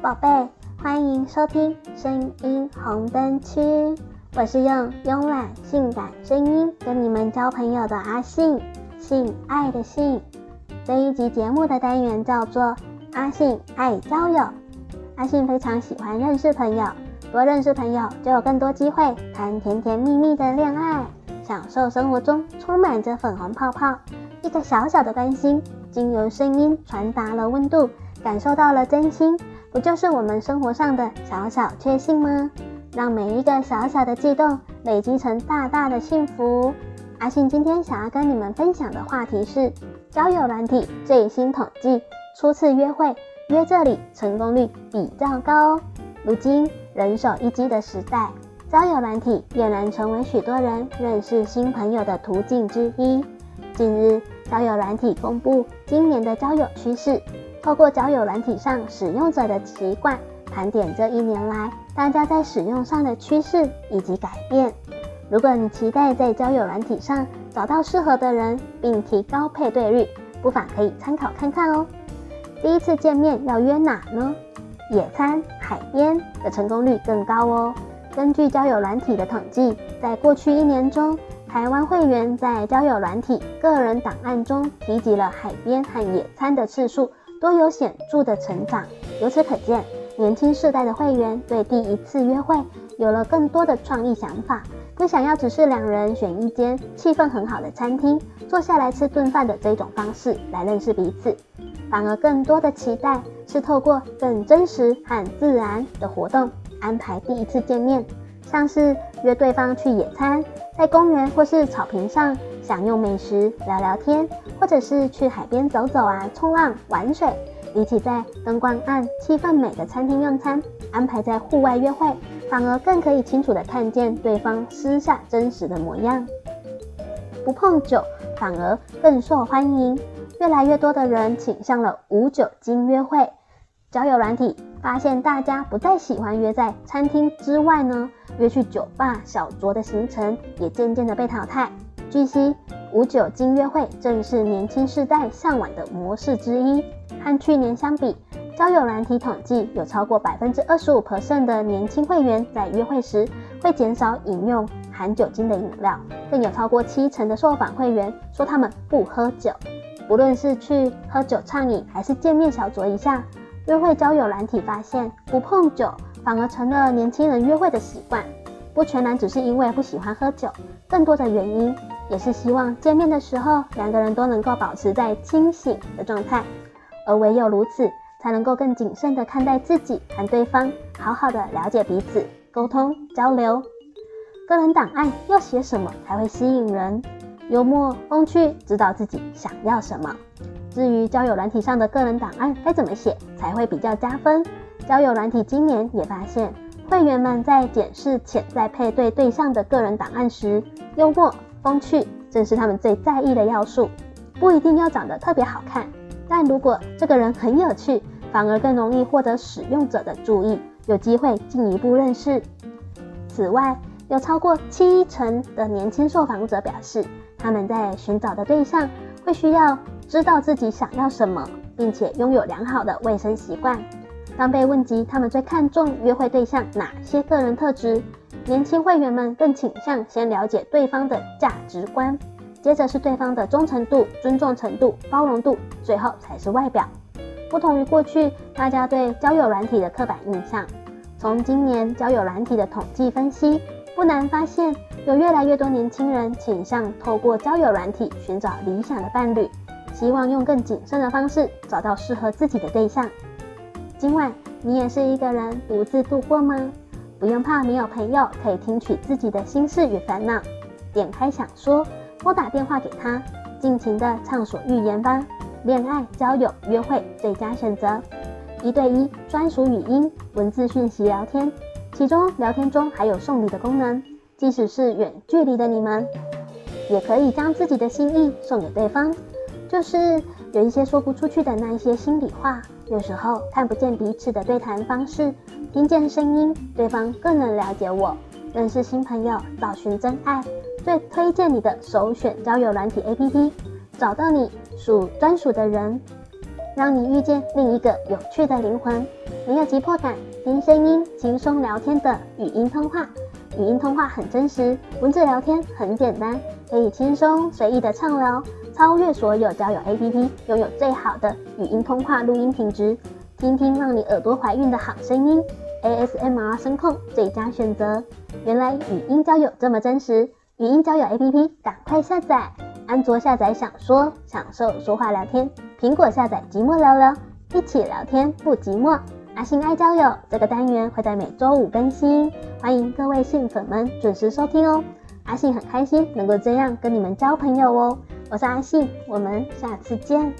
.寶貝，歡迎收聽《聲音紅燈區》，我是用慵懶性感聲音跟你們交朋友的阿性，性愛的性。這一集節目的單元叫做《阿性愛交友》。阿性非常喜歡認識朋友，多認識朋友就有更多機會談甜甜蜜蜜的戀愛，享受生活中充滿着粉紅泡泡。一個小小的關心，經由聲音傳達了溫度，感受到了真心。不就是我們生活上的小小確幸嗎？讓每一個小小的悸動累積成大大的幸福。阿性今天想要跟你們分享的話題是交友軟體最新統計，初次約會約這裡成功率比較高哦。如今人手一機的時代，交友軟體儼然成為許多人認識新朋友的途徑之一。近日，交友軟體公布今年的交友趨勢，透過交友軟體上使用者的習慣，盤點這一年來大家在使用上的趨勢以及改變。如果你期待在交友軟體上找到適合的人，並提高配對率，不妨可以參考看看哦。第一次見面要約哪呢？野餐、海邊的成功率更高哦。根據交友軟體的統計，在過去一年中，台灣會員在交友軟體個人檔案中提及了海邊和野餐的次數，都有顯著的成長。由此可見，年輕世代的會員對第一次約會有了更多的創意想法，不想要只是兩人選一間氣氛很好的餐廳坐下來吃頓飯的這種方式來認識彼此，反而更多的期待是透過更真實和自然的活動安排第一次見面，像是約對方去野餐。在公園或是草坪上享用美食、聊聊天，或者是去海邊走走啊、衝浪、玩水，比起在燈光暗、氣氛美的餐廳用餐，安排在戶外約會，反而更可以清楚的看見對方私下真實的模樣。不碰酒，反而更受歡迎。越來越多的人傾向了無酒精約會。交友軟體，發現大家不再喜歡約在餐廳之外呢，約去酒吧小酌的行程也漸漸的被淘汰。據悉，無酒精約會正是年輕世代嚮往的模式之一。和去年相比，交友軟體統計有超過百分之二十五的年輕會員在約會時會減少飲用含酒精的飲料，更有超過七成的受訪會員說他們不喝酒，不論是去喝酒暢飲還是見面小酌一下。約會交友軟體發現，不碰酒反而成了年輕人約會的習慣。不全然只是因為不喜歡喝酒，更多的原因也是希望見面的時候兩個人都能夠保持在清醒的狀態，而唯有如此，才能夠更謹慎的看待自己和對方，好好的了解彼此，溝通交流。個人檔案要寫什麼才會吸引人？幽默風趣，知道自己想要什麼。至於交友軟體上的個人檔案該怎麼寫才會比較加分？交友軟體今年也發現，會員們在檢視潛在配對對象的個人檔案時，幽默風趣正是他們最在意的要素。不一定要長得特別好看，但如果這個人很有趣，反而更容易獲得使用者的注意，有機會進一步認識。此外，有超過七成的年輕受訪者表示，他們在尋找的對象會需要。知道自己想要什麼，並且擁有良好的衛生習慣。當被問及他們最看重約會對象哪些個人特質，年輕會員們更傾向先了解對方的價值觀，接着是對方的忠誠度、尊重程度、包容度，最後才是外表。不同於過去大家對交友軟體的刻板印象，從今年交友軟體的統計分析，不難發現有越來越多年輕人傾向透過交友軟體尋找理想的伴侶。希望用更謹慎的方式找到適合自己的對象。今晚你也是一個人獨自度過嗎？不用怕沒有朋友可以聽取自己的心事與煩惱。點開享說，撥打電話給他，盡情的暢所欲言吧。戀愛、交友、約會最佳選擇，一對一專屬語音、文字訊息聊天，其中聊天中還有送禮的功能。即使是遠距離的你們，也可以將自己的心意送給對方。就是有一些說不出去的那一些心裡話，有時候看不見彼此的對談方式，聽見聲音，對方更能了解我，認識新朋友，找尋真愛，最推薦你的首選交友軟體 APP，找到你屬專屬的人，讓你遇見另一個有趣的靈魂，沒有急迫感，聽聲音輕鬆聊天的語音通話，語音通話很真實，文字聊天很簡單，可以輕鬆隨意地暢聊。超越所有交友 APP，擁有最好的語音通話錄音品質，聽聽讓你耳朵懷孕的好聲音，ASMR 聲控最佳選擇。原來語音交友這麼真實，語音交友 APP 趕快下載。安卓下載享說享受說話聊天，蘋果下載寂寞聊聊，一起聊天不寂寞。阿性愛交友這個單元會在每周五更新，歡迎各位性粉們準時收聽哦。阿性很開心能夠這樣跟你們交朋友哦。我是阿性，我們下次見。